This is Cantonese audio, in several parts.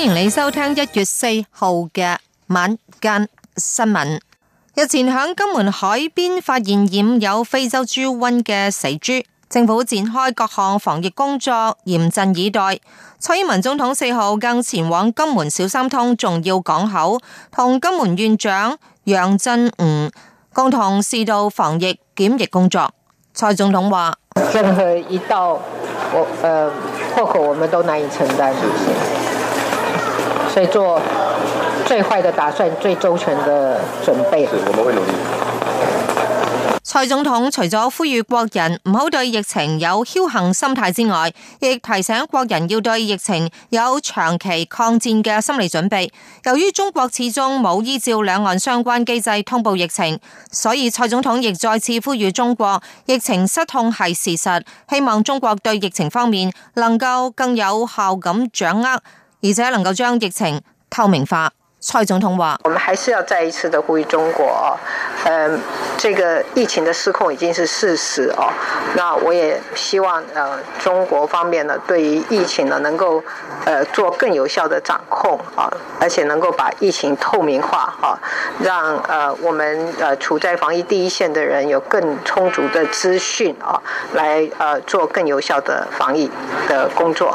歡迎你收聽一月四號嘅晚間新聞。日前喺金門海邊發現染有非洲豬瘟嘅死豬，政府展開各項防疫工作，嚴陣以待。蔡英文總統四號更前往金門小三通重要港口，同金門縣長楊鎮浯共同視導防疫檢疫工作。蔡總統話：任何一道我誒、呃、破口，我們都難以承擔。所以做最壞的打算，最周全的準備。是，我們會努力。蔡總統除咗呼籲國人唔好對疫情有僥倖心態之外，亦提醒國人要對疫情有長期抗戰嘅心理準備。由於中國始終冇依照兩岸相關機制通報疫情，所以蔡總統亦再次呼籲中國疫情失控係事實，希望中國對疫情方面能夠更有效咁掌握。而且能夠將疫情透明化。蔡總統話：我們還是要再一次的呼籲中國，嗯，這個疫情的失控已經是事實哦。那我也希望，呃，中國方面呢，對於疫情呢，能夠，呃，做更有效的掌控，而且能夠把疫情透明化啊，讓，呃，我們，呃，處在防疫第一線的人有更充足的資訊啊，來，呃，做更有效的防疫的工作。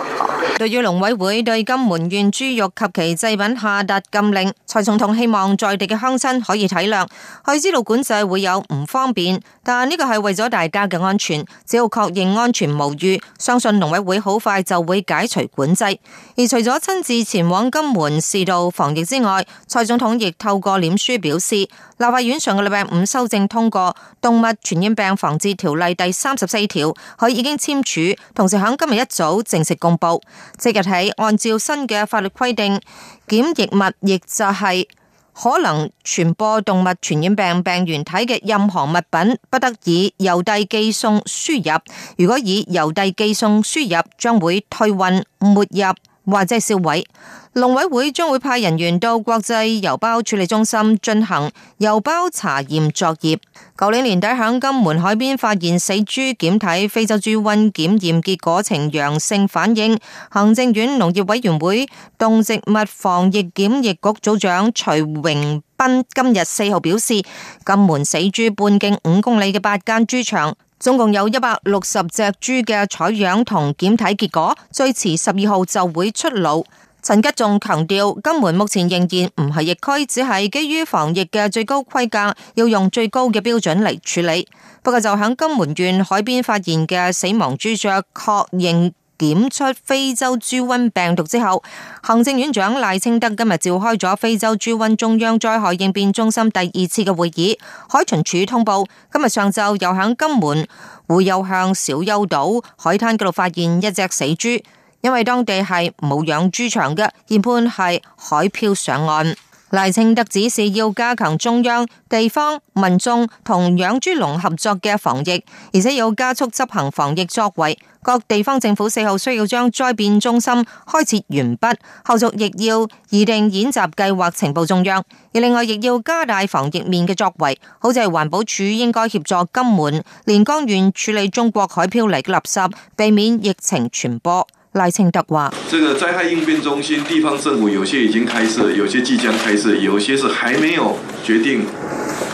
對於農委會對金門縣豬肉及其製品下達禁蔡總統希望在地嘅鄉親可以體諒，佢知道管制會有唔方便，但呢個係為咗大家嘅安全，只要確認安全無虞，相信農委會好快就會解除管制。而除咗親自前往金門視導防疫之外，蔡總統亦透過臉書表示，立法院上個禮拜五修正通過《動物傳染病防治條例》第三十四條，佢已經簽署，同時響今日一早正式公布，即日起按照新嘅法律規定。檢疫物亦就係可能傳播動物傳染病病原體嘅任何物品，不得以郵遞寄送輸入。如果以郵遞寄送輸入，將會退運沒入，或者係銷毀，農委會將會派人員到國際郵包處理中心進行郵包查驗作業。舊年年底響金門海邊發現死豬檢體，非洲豬瘟檢驗結果呈陽性反應。行政院農業委員會動植物防疫檢疫局組長徐榮斌今日四號表示，金門死豬半徑五公里嘅八間豬場。總共有一百六十隻豬嘅採樣同檢體結果，最遲十二號就會出爐。陳吉仲強調，金門目前仍然唔係疫區，只係基於防疫嘅最高規格，要用最高嘅標準嚟處理。不過就響金門縣海邊發現嘅死亡豬隻，確認。檢出非洲豬瘟病毒之後，行政院長賴清德今日召開咗非洲豬瘟中央災害應變中心第二次嘅會議。海巡署通報，今日上晝又響金門會又向小丘島海灘嗰度發現一隻死豬，因為當地係冇養豬場嘅，研判係海漂上岸。賴清德指示要加強中央、地方、民眾同養豬農合作嘅防疫，而且要加速執行防疫作為。各地方政府四號需要將災變中心開設完畢，後續亦要擬定演習計劃，情報中央。而另外亦要加大防疫面嘅作為，好似係環保署應該協助金門、連江縣處理中國海漂嚟嘅垃圾，避免疫情傳播。賴清德話：，這個災害應變中心，地方政府有些已經開設，有些即將開設，有些是還沒有決定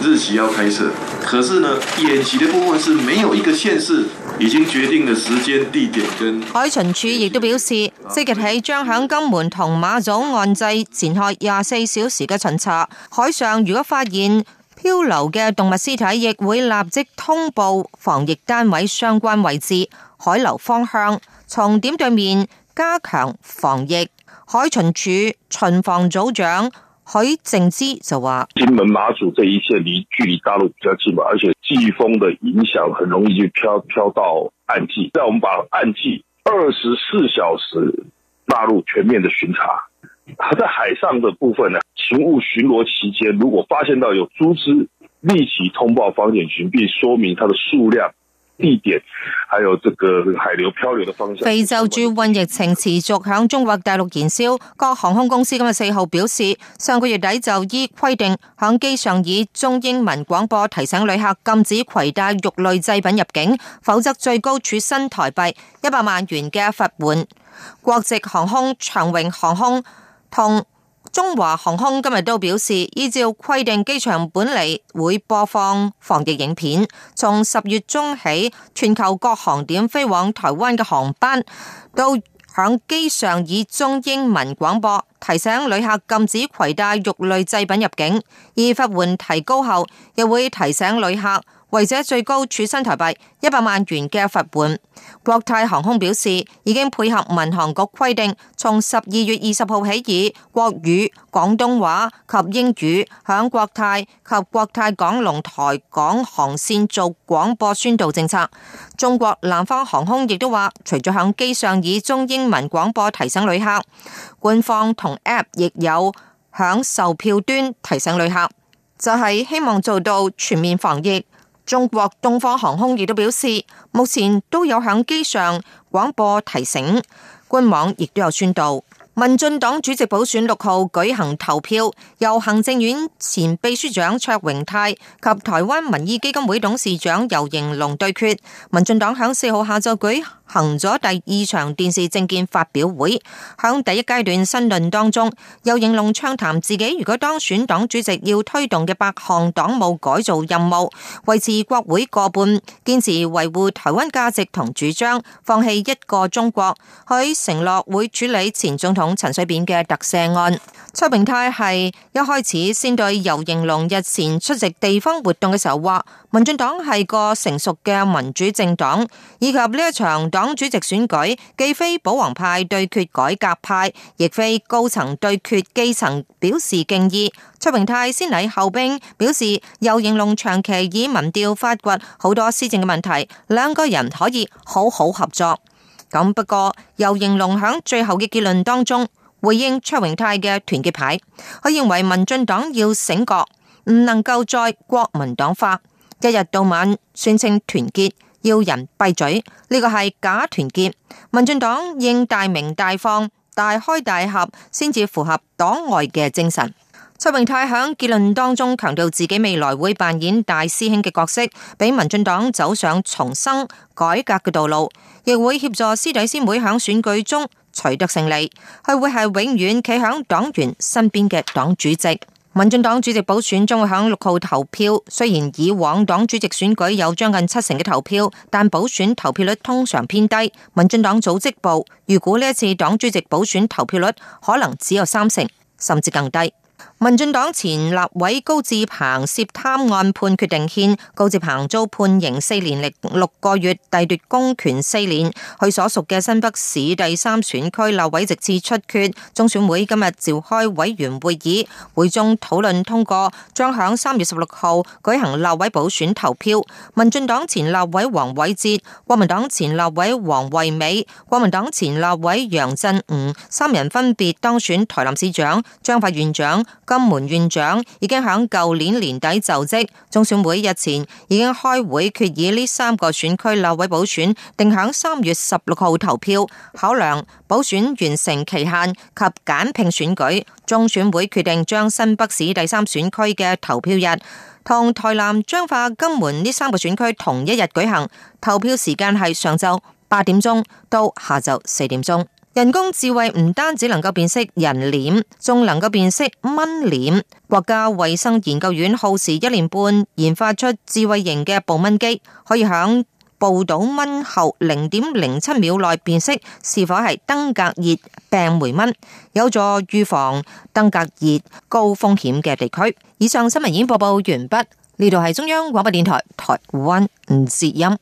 日期要開設。可是呢，演習的部分是沒有一個縣市已經決定了時間、地點跟。海巡署亦都表示，即日起將響金門同馬祖岸際展開廿四小時嘅巡查，海上如果發現漂流嘅動物屍體，亦會立即通報防疫單位相關位置、海流方向。從點對面加強防疫，海巡署巡防組長許靜之就話：，金門馬祖這一切離距離大陸比較近嘛，而且季風的影響很容易就飄飄到岸際，讓我們把岸際二十四小時納入全面的巡查。在海上的部分呢，勤務巡邏期間如果發現到有豬隻，立即通報防檢局，並說明它的數量。地點，還有這個海流漂流的方向。非洲豬瘟疫情持續響中國大陸燃燒，各航空公司今日四號表示，上個月底就依規定響機上以中英文廣播提醒旅客禁止携帶肉類製品入境，否則最高處新台幣一百萬元嘅罰款。國籍航空、長榮航空同。中華航空今日都表示，依照規定，機場本嚟會播放防疫影片。從十月中起，全球各航點飛往台灣嘅航班，都響機上以中英文廣播提醒旅客禁止攜帶肉類製品入境。而罰鍰提高後，又會提醒旅客。違者最高處新台幣一百萬元嘅罰款。國泰航空表示已經配合民航局規定，從十二月二十號起以國語、廣東話及英語響國泰及國泰港龍台港航線做廣播宣導政策。中國南方航空亦都話，除咗響機上以中英文廣播提醒旅客，官方同 App 亦有響售票端提醒旅客，就係希望做到全面防疫。中國東方航空亦都表示，目前都有響機上廣播提醒，官網亦都有宣導。民進黨主席補選六號舉行投票，由行政院前秘書長卓榮泰及台灣民意基金會董事長游盈隆對決。民進黨響四號下晝舉行。行咗第二場電視政見發表會，響第一階段申論當中，游盈隆暢談自己如果當選黨主席要推動嘅八項黨務改造任務，維持國會過半，堅持維護台灣價值同主張，放棄一個中國。佢承諾會處理前總統陳水扁嘅特赦案。邱炳泰係一開始先對游盈隆日前出席地方活動嘅時候話，民進黨係個成熟嘅民主政黨，以及呢一場黨。黨主席選舉既非保皇派對決改革派，亦非高層對決基層，表示敬意。卓榮泰先禮後兵，表示游盈龍長期以民調發掘好多施政嘅問題，兩個人可以好好合作。咁不過游盈龍響最後嘅結論當中回應卓榮泰嘅團結牌，佢認為民進黨要醒覺，唔能夠再國民黨化，一日到晚宣稱團結。要人閉嘴，呢個係假團結。民進黨應大鳴大放、大開大合，先至符合黨外嘅精神。卓榮泰響結論當中強調，自己未來會扮演大師兄嘅角色，俾民進黨走上重生改革嘅道路，亦會協助師弟師妹響選舉中取得勝利。佢會係永遠企喺黨員身邊嘅黨主席。民進黨主席補選將會喺六號投票，雖然以往黨主席選舉有將近七成嘅投票，但補選投票率通常偏低。民進黨組織部預估呢次黨主席補選投票率可能只有三成，甚至更低。民進黨前立委高志鵬涉貪案判決定讞，高志鵬遭判刑四年零六個月，褫奪公權四年。佢所屬嘅新北市第三選區立委席次出缺，中選會今日召開委員會議，會中討論通過，將響三月十六號舉行立委補選投票。民進黨前立委黃偉哲、國民黨前立委王惠美、國民黨前立委楊振吾，三人分別當選台南市長、彰化縣長。金門院長已經喺舊年年底就職，中選會日前已經開會決議呢三個選區立委補選，定喺三月十六號投票。考量補選完成期限及簡併選舉，中選會決定將新北市第三選區嘅投票日同台南、彰化、金門呢三個選區同一日舉行。投票時間係上晝八點鐘到下晝四點鐘。人工智慧唔單止能夠辨識人臉，仲能夠辨識蚊臉。國家衛生研究院耗時一年半研發出智慧型嘅捕蚊機，可以響捕到蚊後零點零七秒內辨識是否係登革熱病媒蚊，有助預防登革熱高風險嘅地區。以上新聞已經播報報完畢，呢度係中央廣播電台台灣吳志音。